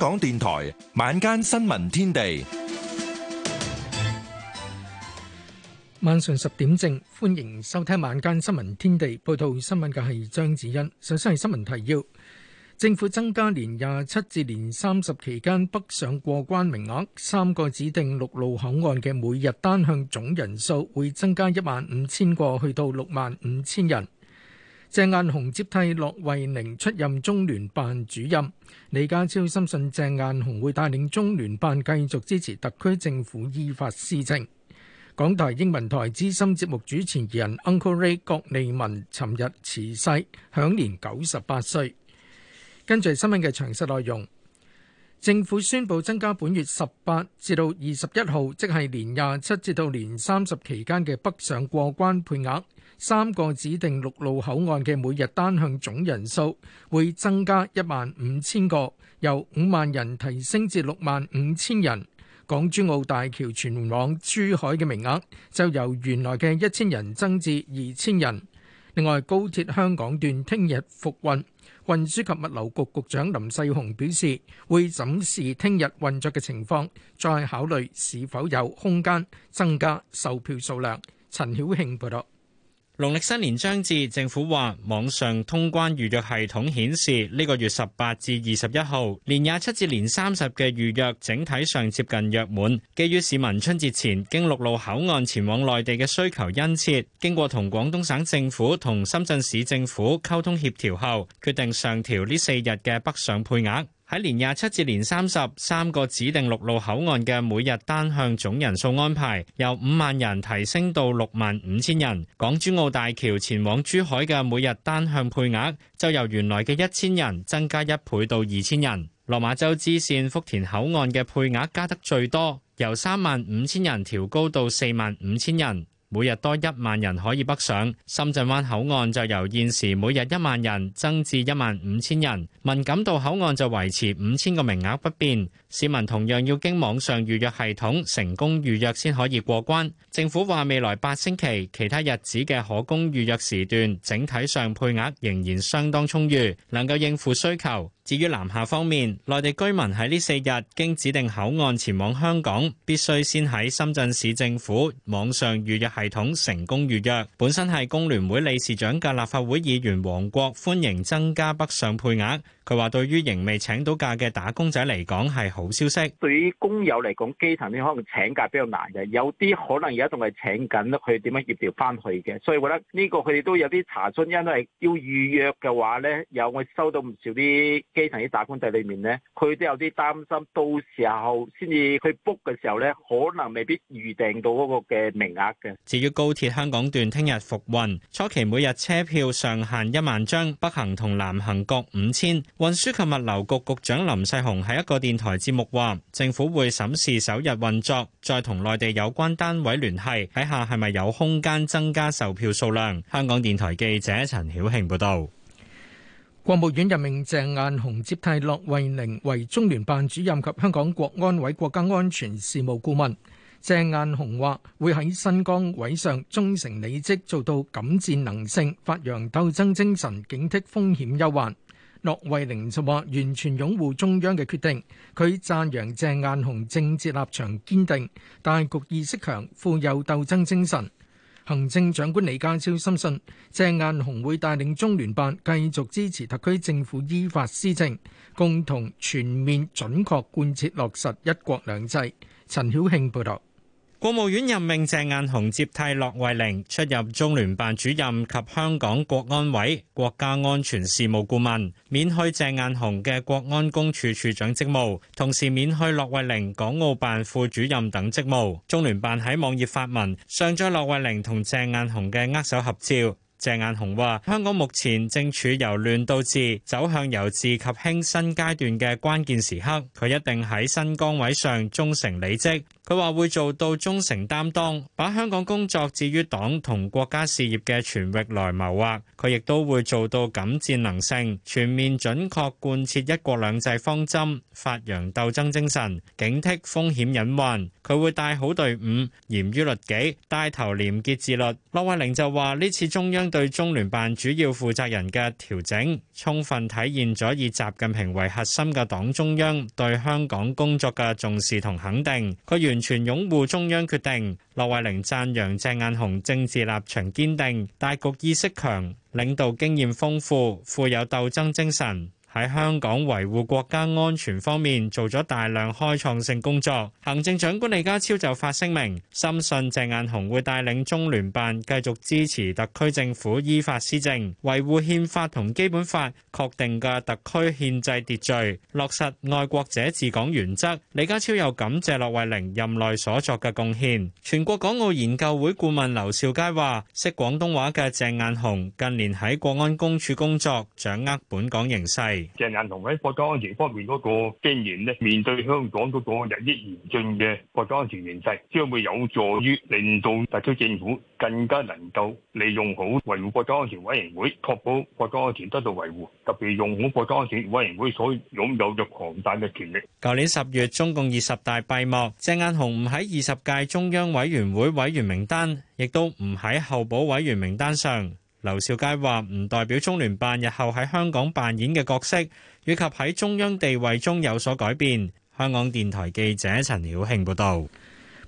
香港電台晚間新聞天地，晚上十點正，歡迎收聽晚間新聞天地。報道新聞嘅係張子欣，首先係新聞提要：政府增加年廿七至年三十期間北上過關名額，三個指定陸路口岸嘅每日單向總人數會增加一萬五千個，去到六萬五千人。鄭雁雄接替駱惠寧出任中聯辦主任，李家超深信鄭雁雄會帶領中聯辦繼續支持特區政府依法施政。港台英文台資深節目主持人 Uncle Ray 郭利文尋日辭世，享年九十八歲。跟住新聞嘅詳細內容，政府宣布增加本月十八至到二十一號，即係年廿七至到年三十期間嘅北上過關配額。三個指定陸路口岸嘅每日單向總人數會增加一萬五千個，由五萬人提升至六萬五千人。港珠澳大橋前往珠海嘅名額就由原來嘅一千人增至二千人。另外，高鐵香港段聽日復運，運輸及物流局局長林世雄表示，會審視聽日運作嘅情況，再考慮是否有空間增加售票數量。陳曉慶報道。農曆新年將至，政府話網上通關預約系統顯示呢個月十八至二十一號、年廿七至年三十嘅預約整體上接近約滿。基於市民春節前經陸路口岸前往內地嘅需求殷切，經過同廣東省政府同深圳市政府溝通協調後，決定上調呢四日嘅北上配額。喺年廿七至年三十，三個指定陸路口岸嘅每日單向總人數安排，由五萬人提升到六萬五千人。港珠澳大橋前往珠海嘅每日單向配額，就由原來嘅一千人增加一倍到二千人。落馬洲支線福田口岸嘅配額加得最多，由三萬五千人調高到四萬五千人。每日多一萬人可以北上，深圳灣口岸就由現時每日一萬人增至一萬五千人，文錦渡口岸就維持五千個名額不變，市民同樣要經網上預約系統成功預約先可以過關，政府話未來八星期其他日子嘅可供預約時段，整體上配額仍然相當充裕，能夠應付需求。至於南下方面，內地居民喺呢四日經指定口岸前往香港，必須先喺深圳市政府網上預約系統成功預約。本身係工聯會理事長嘅立法會議員黃國歡迎增加北上配額，佢話對於仍未請到假嘅打工仔嚟講係好消息。對於工友嚟講，基層啲可能請假比較難嘅，有啲可能而家仲係請緊，佢點樣協調翻去嘅，所以我覺得呢個佢哋都有啲查詢，因為要預約嘅話咧，有我收到唔少啲。基層啲打工仔裏面咧，佢都有啲擔心，到時候先至去 book 嘅時候咧，可能未必預訂到嗰個嘅名額嘅。至於高鐵香港段聽日復運，初期每日車票上限一萬張，北行同南行各五千。運輸及物流局局長林世雄喺一個電台節目話，政府會審視首日運作，再同內地有關單位聯繫，睇下係咪有空間增加售票數量。香港電台記者陳曉慶報道。國務院任命鄭雁雄接替駱惠寧為中聯辦主任及香港國安委國家安全事務顧問。鄭雁雄話會喺新崗位上忠誠履職，做到敢戰能勝，發揚鬥爭精神，警惕風險憂患。駱惠寧就話完全擁護中央嘅決定，佢讚揚鄭雁雄政治立場堅定，大局意識強，富有鬥爭精神。行政長官李家超深信鄭雁雄會帶領中聯辦繼續支持特區政府依法施政，共同全面準確貫徹落實一國兩制。陳曉慶報道。國務院任命鄭雁雄接替駱惠寧出任中聯辦主任及香港國安委國家安全事務顧問，免去鄭雁雄嘅國安公署署長職務，同時免去駱惠寧港澳辦副主任等職務。中聯辦喺網頁發文，上載駱惠寧同鄭雁雄嘅握手合照。鄭雁雄話：香港目前正處由亂到治、走向由治及興新階段嘅關鍵時刻，佢一定喺新崗位上忠誠履職。佢話會做到忠誠擔當，把香港工作置於黨同國家事業嘅全域來謀劃。佢亦都會做到敢戰能勝，全面準確貫徹一國兩制方針，發揚鬥爭精神，警惕風險隱患。佢會帶好隊伍，嚴於律己，帶頭廉潔自律。駱惠寧就話：呢次中央對中聯辦主要負責人嘅調整，充分體現咗以習近平為核心嘅黨中央對香港工作嘅重視同肯定。佢完完全擁護中央決定。駱惠寧讚揚鄭雁雄政治立場堅定、大局意識強、領導經驗豐富、富有鬥爭精神。喺香港維護國家安全方面做咗大量開創性工作。行政長官李家超就發聲明，深信鄭雁雄會帶領中聯辦繼續支持特區政府依法施政，維護憲法同基本法確定嘅特區憲制秩序，落實愛國者治港原則。李家超又感謝駱惠寧任內所作嘅貢獻。全國港澳研究會顧問劉兆佳話，識廣東話嘅鄭雁雄近年喺國安公署工作，掌握本港形勢。鄭雁雄喺國家安全方面嗰個經驗咧，面對香港嗰個日益嚴峻嘅國家安全形勢，將會有助於令到特區政府更加能夠利用好維護國家安全委員會，確保國家安全得到維護，特別用好國家安全委員會所擁有嘅龐大嘅權力。舊年十月，中共二十大閉幕，鄭雁雄唔喺二十屆中央委員會委員名單，亦都唔喺候補委員名單上。劉兆佳話：唔代表中聯辦日後喺香港扮演嘅角色，以及喺中央地位中有所改變。香港電台記者陳曉慶報道。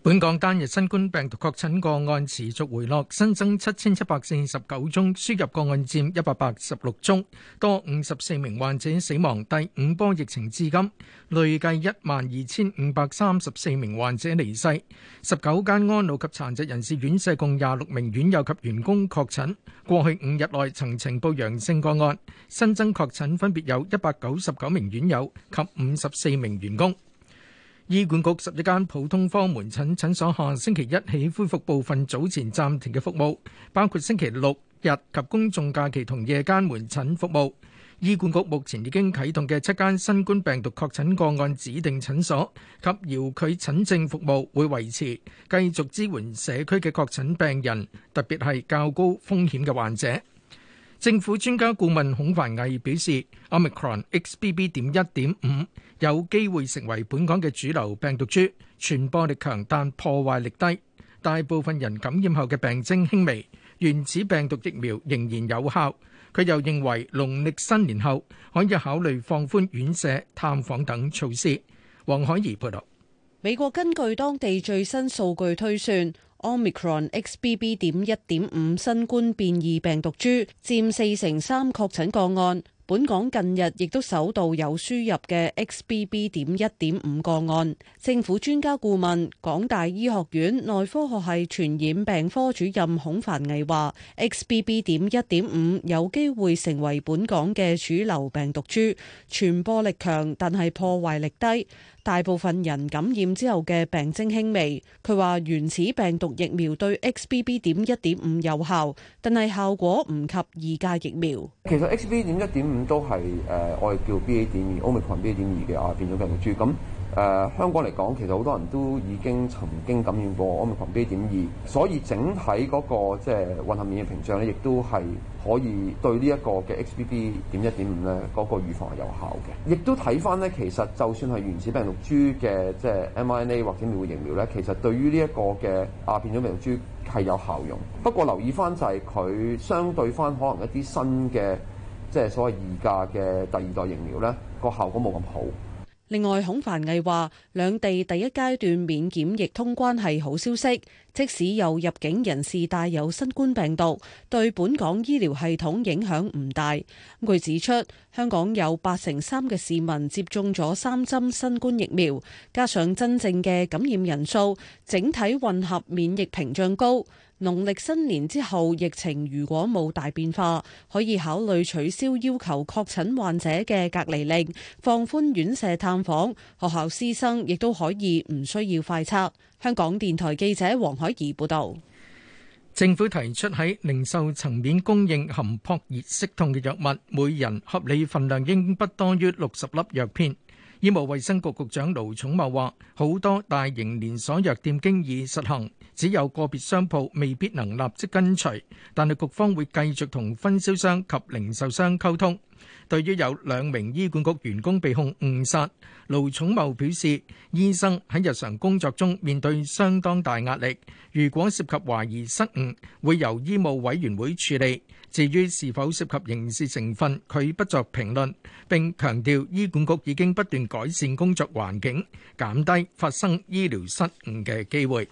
本港單日新冠病毒確診個案持續回落，新增七千七百四十九宗，輸入個案佔一百八十六宗，多五十四名患者死亡。第五波疫情至今累計一萬二千五百三十四名患者離世。十九間安老及殘疾人士院舍共廿六名院友及員工確診。過去五日內曾呈報陽性個案，新增確診分別有一百九十九名院友及五十四名員工。醫管局十一間普通科門診診所下星期一起恢復部分早前暫停嘅服務，包括星期六日及公眾假期同夜間門診服務。醫管局目前已經啟動嘅七間新冠病毒確診個案指定診所及遙距診症服務會維持，繼續支援社區嘅確診病人，特別係較高風險嘅患者。政府專家顧問孔繁毅表示，Omicron XBB. 點一點五有機會成為本港嘅主流病毒株，傳播力強但破壞力低，大部分人感染後嘅病徵輕微，原始病毒疫苗仍然有效。佢又認為，農曆新年後可以考慮放寬院舍、探訪等措施。黃海怡報導。美國根據當地最新數據推算，Omicron XBB. 點一點五新冠變異病毒株佔四成三確診個案。本港近日亦都首度有輸入嘅 XBB. 點一點五個案。政府專家顧問港大醫學院內科學系傳染病科主任孔凡毅話 XBB. 點一點五有機會成為本港嘅主流病毒株，傳播力強，但係破壞力低。大部分人感染之後嘅病症輕微。佢話原始病毒疫苗對 XBB. 點一點五有效，但係效果唔及二價疫苗。其實 XBB. 點一點五都係誒，我哋叫 BA. 2, B. A. 點二、Omicron B. A. 點二嘅亞變種病毒株。咁、呃、誒，香港嚟講，其實好多人都已經曾經感染過 Omicron B. A. 點二，所以整體嗰個即係混合免疫屏障咧，亦都係可以對呢一個嘅 X. B. B. 點一點五咧嗰個預防係有效嘅。亦都睇翻咧，其實就算係原始病毒株嘅即係 m. R. N. A. 或者免疫疫苗咧，其實對於呢一個嘅亞變種病毒株係有效用。不過留意翻就係佢相對翻可能一啲新嘅。即係所謂二價嘅第二代疫苗，呢個效果冇咁好。另外，孔繁毅話，兩地第一階段免檢疫通關係好消息，即使有入境人士帶有新冠病毒，對本港醫療系統影響唔大。據指出，香港有八成三嘅市民接種咗三針新冠疫苗，加上真正嘅感染人數，整體混合免疫屏障高。農曆新年之後，疫情如果冇大變化，可以考慮取消要求確診患者嘅隔離令，放寬院舍探訪，學校師生亦都可以唔需要快測。香港電台記者黃海怡報導。政府提出喺零售層面供應含撲熱息痛嘅藥物，每人合理份量應不多於六十粒藥片。醫務衛生局局長盧寵茂話，好多大型連鎖藥店經已實行。只有個別商鋪未必能立即跟隨，但係局方會繼續同分銷商及零售商溝通。對於有兩名醫管局員工被控誤殺，盧寵茂表示，醫生喺日常工作中面對相當大壓力。如果涉及懷疑失誤，會由醫務委員會處理。至於是否涉及刑事成分，佢不作評論。並強調，醫管局已經不斷改善工作環境，減低發生醫療失誤嘅機會。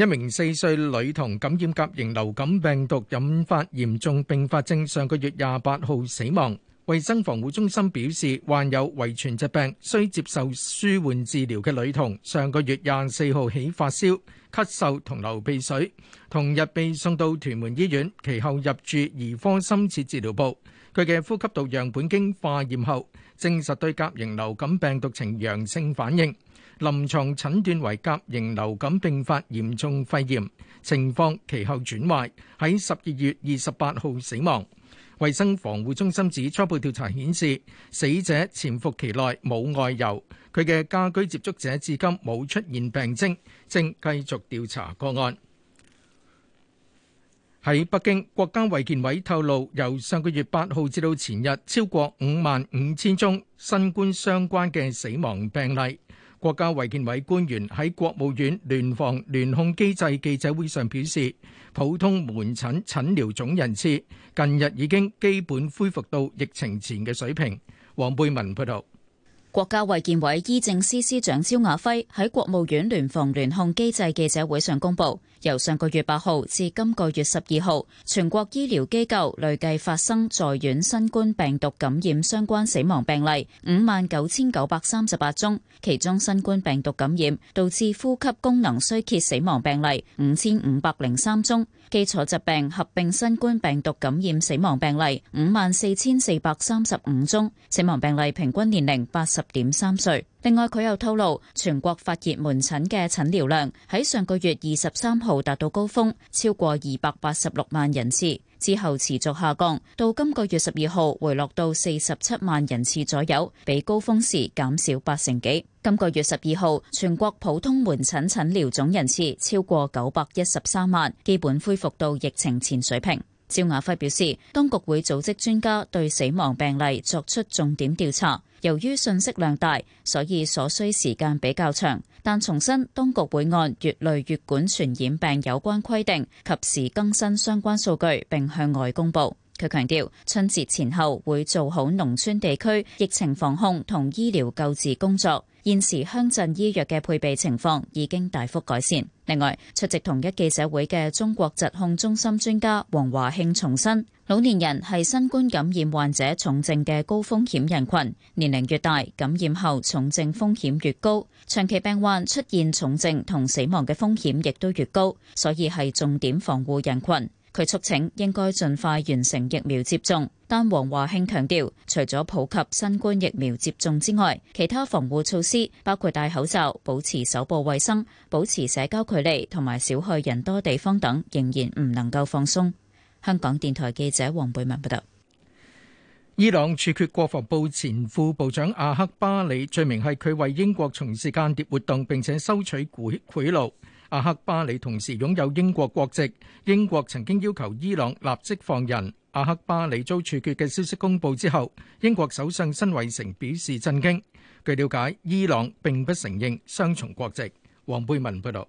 一名四歲女童感染甲型流感病毒，引發嚴重併發症，上個月廿八號死亡。衛生防護中心表示，患有遺傳疾病需接受舒緩治療嘅女童，上個月廿四號起發燒、咳嗽同流鼻水，同日被送到屯門醫院，其後入住兒科深切治療部。佢嘅呼吸道樣本經化驗後，證實對甲型流感病毒呈陽性反應。臨床診斷為甲型流感併發嚴重肺炎，情況其後轉壞，喺十二月二十八號死亡。衛生防護中心指初步調查顯示，死者潛伏期內冇外遊，佢嘅家居接觸者至今冇出現病徵，正繼續調查個案。喺北京，國家衛健委透露，由上個月八號至到前日，超過五萬五千宗新冠相關嘅死亡病例。國家衛健委官員喺國務院聯防聯控機制記者會上表示，普通門診診療總人次近日已經基本恢復到疫情前嘅水平。黃貝文報道，國家衛健委醫政司司長焦雅輝喺國務院聯防聯控機制記者會上公布。由上個月八號至今個月十二號，全國醫療機構累計發生在院新冠病毒感染相關死亡病例五萬九千九百三十八宗，其中新冠病毒感染導致呼吸功能衰竭死亡病例五千五百零三宗，基礎疾病合併新冠病毒感染死亡病例五萬四千四百三十五宗，死亡病例平均年齡八十點三歲。另外，佢又透露，全國發熱門診嘅診療量喺上個月二十三號達到高峰，超過二百八十六萬人次，之後持續下降，到今個月十二號回落到四十七萬人次左右，比高峰時減少八成幾。今個月十二號，全國普通門診診療總人次超過九百一十三萬，基本恢復到疫情前水平。焦雅輝表示，當局會組織專家對死亡病例作出重點調查。由於信息量大，所以所需時間比較長。但重申，當局會按乙類乙管傳染病有關規定，及時更新相關數據，並向外公布。佢強調，春節前後會做好農村地區疫情防控同醫療救治工作。現時鄉鎮醫藥嘅配備情況已經大幅改善。另外，出席同一記者會嘅中國疾控中心專家王華慶重申，老年人係新冠感染患者重症嘅高風險人群，年齡越大，感染後重症風險越高，長期病患出現重症同死亡嘅風險亦都越高，所以係重點防護人群。佢促請應該盡快完成疫苗接種，但王華慶強調，除咗普及新冠疫苗接種之外，其他防護措施，包括戴口罩、保持手部衛生、保持社交距離同埋少去人多地方等，仍然唔能夠放鬆。香港電台記者黃貝文報道。伊朗處決國防部前副部長阿克巴里，罪名係佢為英國從事間諜活動並且收取賄賂。阿克巴里同時擁有英國國籍，英國曾經要求伊朗立即放人。阿克巴里遭處決嘅消息公布之後，英國首相辛偉誠表示震驚。據了解，伊朗並不承認雙重國籍。黃佩文報道。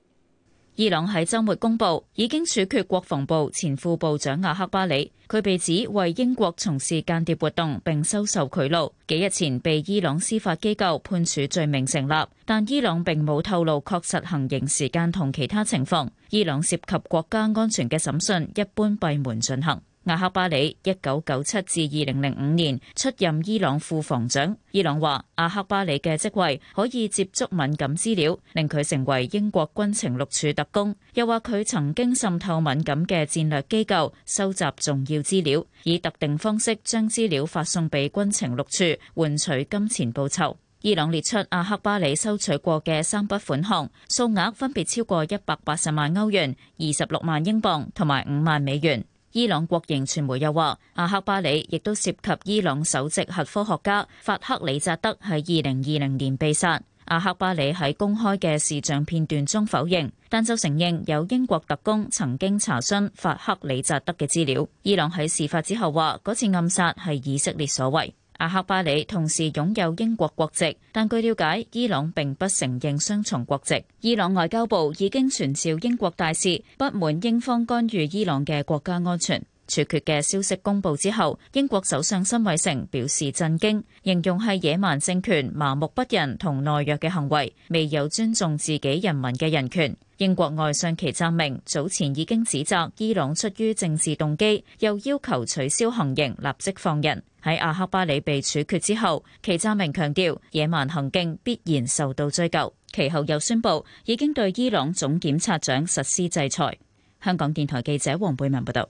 伊朗喺周末公布，已經處決國防部前副部長阿克巴里。佢被指為英國從事間諜活動，並收受賄賂。幾日前被伊朗司法機構判處罪名成立，但伊朗並冇透露確實行刑時間同其他情況。伊朗涉及國家安全嘅審訊一般閉門進行。阿克巴里一九九七至二零零五年出任伊朗副防長。伊朗話，阿克巴里嘅職位可以接觸敏感資料，令佢成為英國軍情六處特工。又話佢曾經滲透敏感嘅戰略機構，收集重要資料，以特定方式將資料發送俾軍情六處，換取金錢報酬。伊朗列出阿克巴里收取過嘅三筆款項，數額分別超過一百八十萬歐元、二十六萬英鎊同埋五萬美元。伊朗國營傳媒又話，阿克巴里亦都涉及伊朗首席核科學家法克里扎德喺二零二零年被殺。阿克巴里喺公開嘅視像片段中否認，但就承認有英國特工曾經查詢法克里扎德嘅資料。伊朗喺事發之後話，嗰次暗殺係以色列所為。阿克巴里同時擁有英國國籍，但據了解，伊朗並不承認雙重國籍。伊朗外交部已經傳召英國大使，不滿英方干預伊朗嘅國家安全。處決嘅消息公布之後，英國首相辛偉誠表示震驚，形容係野蠻政權、麻木不仁同懦弱嘅行為，未有尊重自己人民嘅人權。英國外相祁湛明早前已經指責伊朗出於政治動機，又要求取消行刑，立即放人。喺阿克巴里被處決之後，祁湛明強調野蠻行徑必然受到追究。其後又宣布已經對伊朗總檢察長實施制裁。香港電台記者黃貝文報道。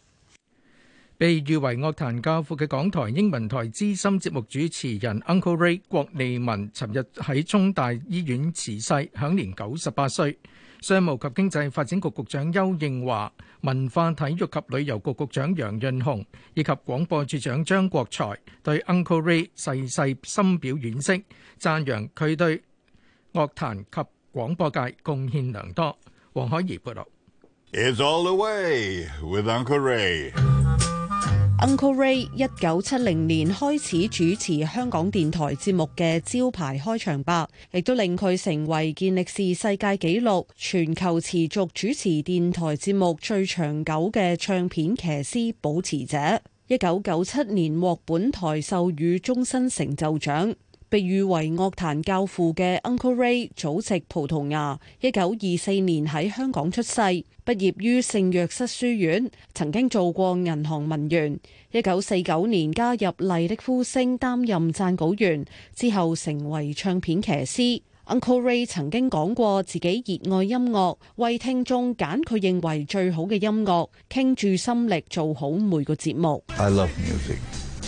被譽為樂壇教父嘅港台英文台資深節目主持人 Uncle Ray 郭利文，尋日喺中大醫院辭世，享年九十八歲。商務及經濟發展局局長邱應華、文化體育及旅遊局局長楊潤雄以及廣播處長張國財，對 Uncle Ray 逝世深表惋惜，讚揚佢對樂壇及廣播界貢獻良多。黃海怡報道。It's all the way with Uncle Ray. Uncle Ray 一九七零年開始主持香港電台節目嘅招牌開場白，亦都令佢成為健力士世界紀錄全球持續主持電台節目最長久嘅唱片騎師保持者。一九九七年獲本台授予終身成就獎。被譽為樂壇教父嘅 Uncle Ray 祖籍葡萄牙，一九二四年喺香港出世，畢業於聖約瑟書院，曾經做過銀行文員，一九四九年加入麗的呼聲擔任撰稿員，之後成為唱片騎師。Uncle Ray 曾經講過自己熱愛音樂，為聽眾揀佢認為最好嘅音樂，傾注心力做好每個節目。I love music.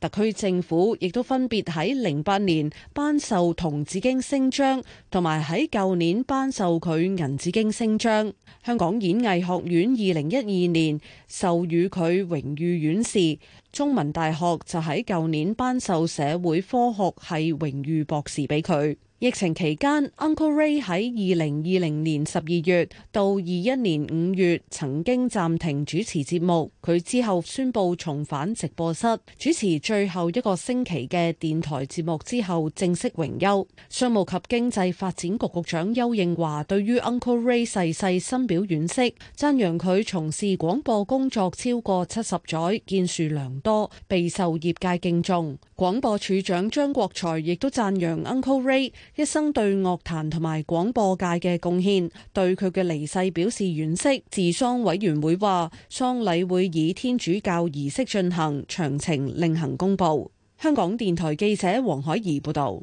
特區政府亦都分別喺零八年頒授銅紫荊星章，同埋喺舊年頒授佢銀紫荊星章。香港演藝學院二零一二年授予佢榮譽院士，中文大學就喺舊年頒授社會科學系榮譽博士俾佢。疫情期間，Uncle Ray 喺二零二零年十二月到二一年五月曾經暫停主持節目，佢之後宣布重返直播室主持最。最後一個星期嘅電台節目之後正式榮休。商務及經濟發展局局長邱應華對於 Uncle Ray 逝世，深表惋惜，讚揚佢從事廣播工作超過七十載，建樹良多，備受業界敬重。廣播處長張國財亦都讚揚 Uncle Ray 一生對樂壇同埋廣播界嘅貢獻，對佢嘅離世表示惋惜。治喪委員會話，喪禮會以天主教儀式進行，詳情另行公布，香港電台記者黃海怡報道。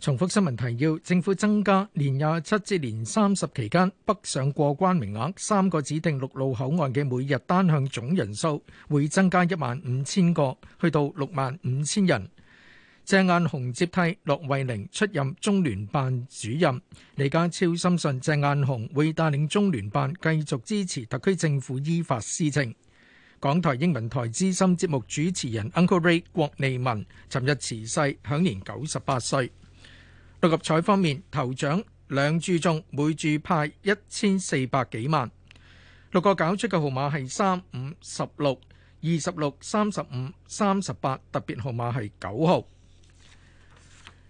重複新聞提要：政府增加年廿七至年三十期間北上過關名額，三個指定陸路口岸嘅每日單向總人數會增加一萬五千個，去到六萬五千人。鄭雁雄接替駱惠寧出任中聯辦主任。李家超深信鄭雁雄會帶領中聯辦繼續支持特區政府依法施政。港台英文台資深節目主持人 Uncle Ray 郭利文尋日辭世，享年九十八歲。六合彩方面，頭獎兩注中，每注派一千四百幾萬。六個搞出嘅號碼係三、五、十六、二十六、三十五、三十八，特別號碼係九號。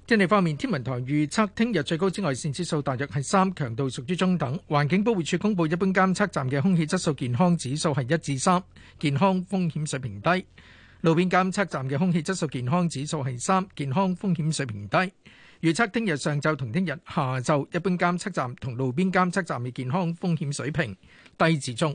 天氣方面，天文台預測聽日最高紫外線指數大約係三，強度屬於中等。環境保護署公布一般監測站嘅空氣質素健康指數係一至三，健康風險水平低。路邊監測站嘅空氣質素健康指數係三，健康風險水平低。預測聽日上晝同聽日下晝一般監測站同路邊監測站嘅健康風險水平低至中。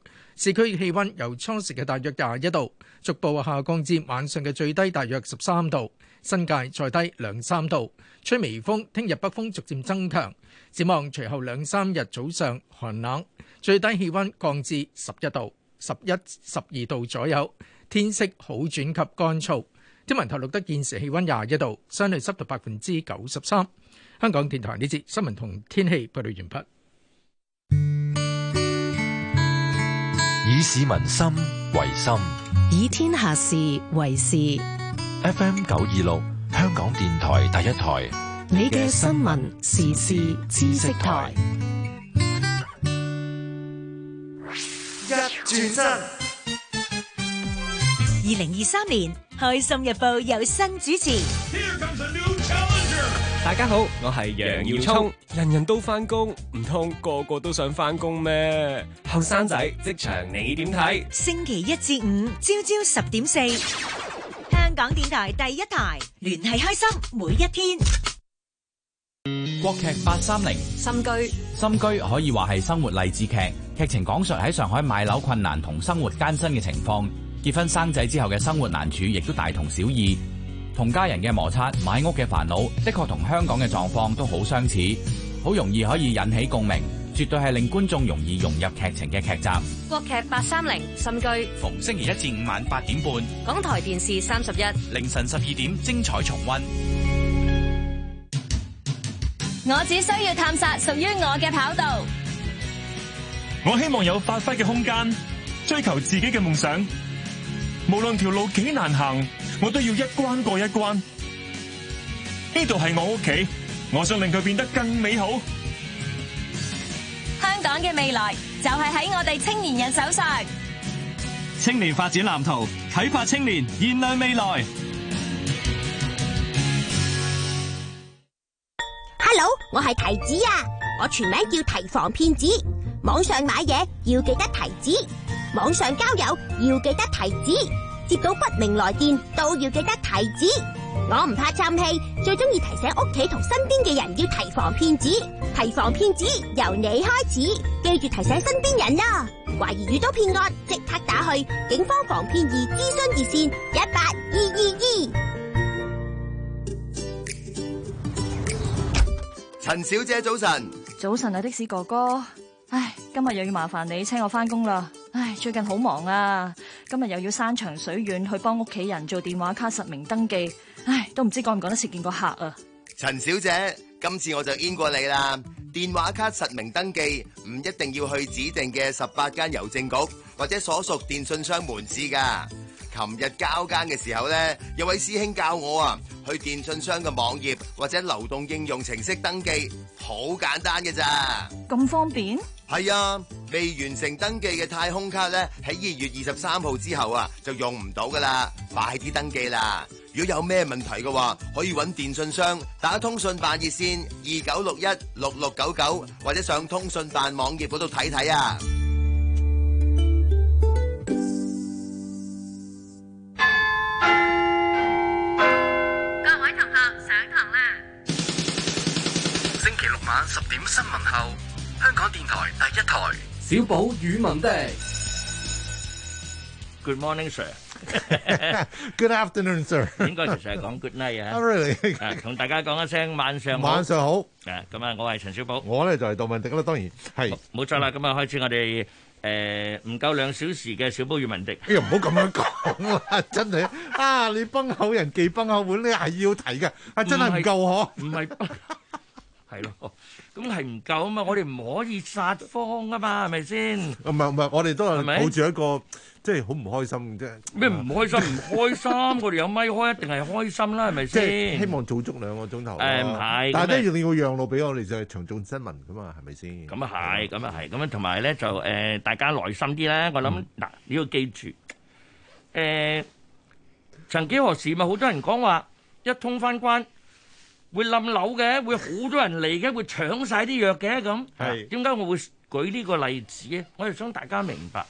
市區氣溫由初時嘅大約廿一度，逐步下降至晚上嘅最低大約十三度，新界再低兩三度。吹微風，聽日北風逐漸增強，展望隨後兩三日早上寒冷，最低氣溫降至十一度，十一十二度左右。天色好轉及乾燥。天文台錄得現時氣溫廿一度，相對濕度百分之九十三。香港電台呢節新聞同天氣報道完畢。以市民心為心，以天下事為事。FM 九二六，香港電台第一台，你嘅新聞時事知識台。一轉身，二零二三年，開心日報有新主持。大家好，我係楊耀聰。人人都翻工，唔通個個都想翻工咩？後生仔，職場你點睇？星期一至五，朝朝十點四，香港電台第一台，聯繫開心每一天。國劇八三零《心居》，心居可以話係生活勵志劇，劇情講述喺上海買樓困難同生活艱辛嘅情況，結婚生仔之後嘅生活難處，亦都大同小異。同家人嘅摩擦，買屋嘅煩惱，的確同香港嘅狀況都好相似，好容易可以引起共鳴，絕對係令觀眾容易融入劇情嘅劇集。國劇八三零新居，逢星期一至五晚八點半，港台電視三十一，凌晨十二點精彩重溫。我只需要探索屬於我嘅跑道，我希望有發揮嘅空間，追求自己嘅夢想，無論條路幾難行，我都要一關過一關。呢度係我屋企，我想令佢變得更美好。香港嘅未來就係喺我哋青年人手上。青年發展藍圖，啟發青年，燃亮未來。Hello，我係提子啊，我全名叫提防騙子。網上買嘢要記得提子，網上交友要記得提子。接到不明來電都要記得提子，我唔怕嘆氣，最中意提醒屋企同身邊嘅人要提防騙子，提防騙子由你開始，記住提醒身邊人啦！懷疑遇到騙案，即刻打去警方防騙二諮詢熱線一八二二二。陳小姐早晨，早晨啊，的士哥哥，唉，今日又要麻煩你請我返工啦。唉，最近好忙啊！今日又要山長水遠去幫屋企人做電話卡實名登記，唉，都唔知過唔過得切見個客啊！陳小姐，今次我就 in 過你啦。電話卡實名登記唔一定要去指定嘅十八間郵政局或者所屬電信商門市噶。琴日交更嘅時候呢，有位師兄教我啊，去電信商嘅網頁或者流動應用程式登記，好簡單嘅咋。咁方便。係啊，未完成登記嘅太空卡咧，喺二月二十三號之後啊，就用唔到噶啦，快啲登記啦！如果有咩問題嘅話，可以揾電信商打通訊辦熱線二九六一六六九九，或者上通訊辦網頁嗰度睇睇啊。小寶與文迪，Good morning, sir. Good afternoon, sir. 應該其實係講 Good night 啊。好同、oh, really? 啊、大家講一聲晚上好。晚上好。咁啊，我係陳小寶，我咧就係、是、杜文迪啦。當然係。冇錯、哦、啦，咁啊開始我哋誒唔夠兩小時嘅小寶與文迪。你唔好咁樣講啦、啊， 真係啊！你崩口人忌崩口碗，你係要提㗎啊，真係唔夠嗬？唔係，係咯。 咁係唔夠啊嘛！我哋唔可以撒謊啊嘛，係咪先？唔係唔係，我哋都係抱住一個即係好唔開心嘅啫。咩唔開心？唔開心！我哋有咪開一定係開心啦，係咪先？即係希望做足兩個鐘頭。誒唔係，但係咧仲要讓路俾我哋就係長做新聞噶嘛，係咪先？咁啊係，咁啊係，咁樣同埋咧就誒大家耐心啲啦。我諗嗱，你要記住誒，曾幾何時咪好多人講話一通翻關。會冧樓嘅，會好多人嚟嘅，會搶晒啲藥嘅咁。係，點解是我會舉呢個例子咧？我就想大家明白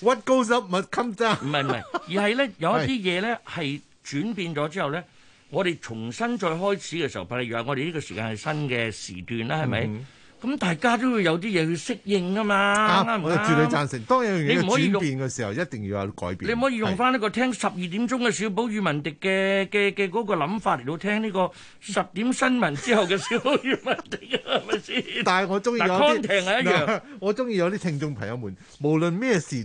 ，what goes up must come down，唔係唔係，而係咧有一啲嘢咧係轉變咗之後咧，是我哋重新再開始嘅時候，譬如話我哋呢個時間係新嘅時段啦，係咪？嗯咁大家都有要有啲嘢去適應啊嘛，絕、啊、對，對，我贊成。當有樣嘢要轉變嘅時候，一定要有改變，你唔可以用翻呢個聽十二點鐘嘅小寶與文迪嘅嘅嘅個個諗法嚟到聽呢個十點新聞之後嘅小寶與文迪啊，係咪先？但係我中意有啲，我中意有啲聽眾朋友們，無論咩事。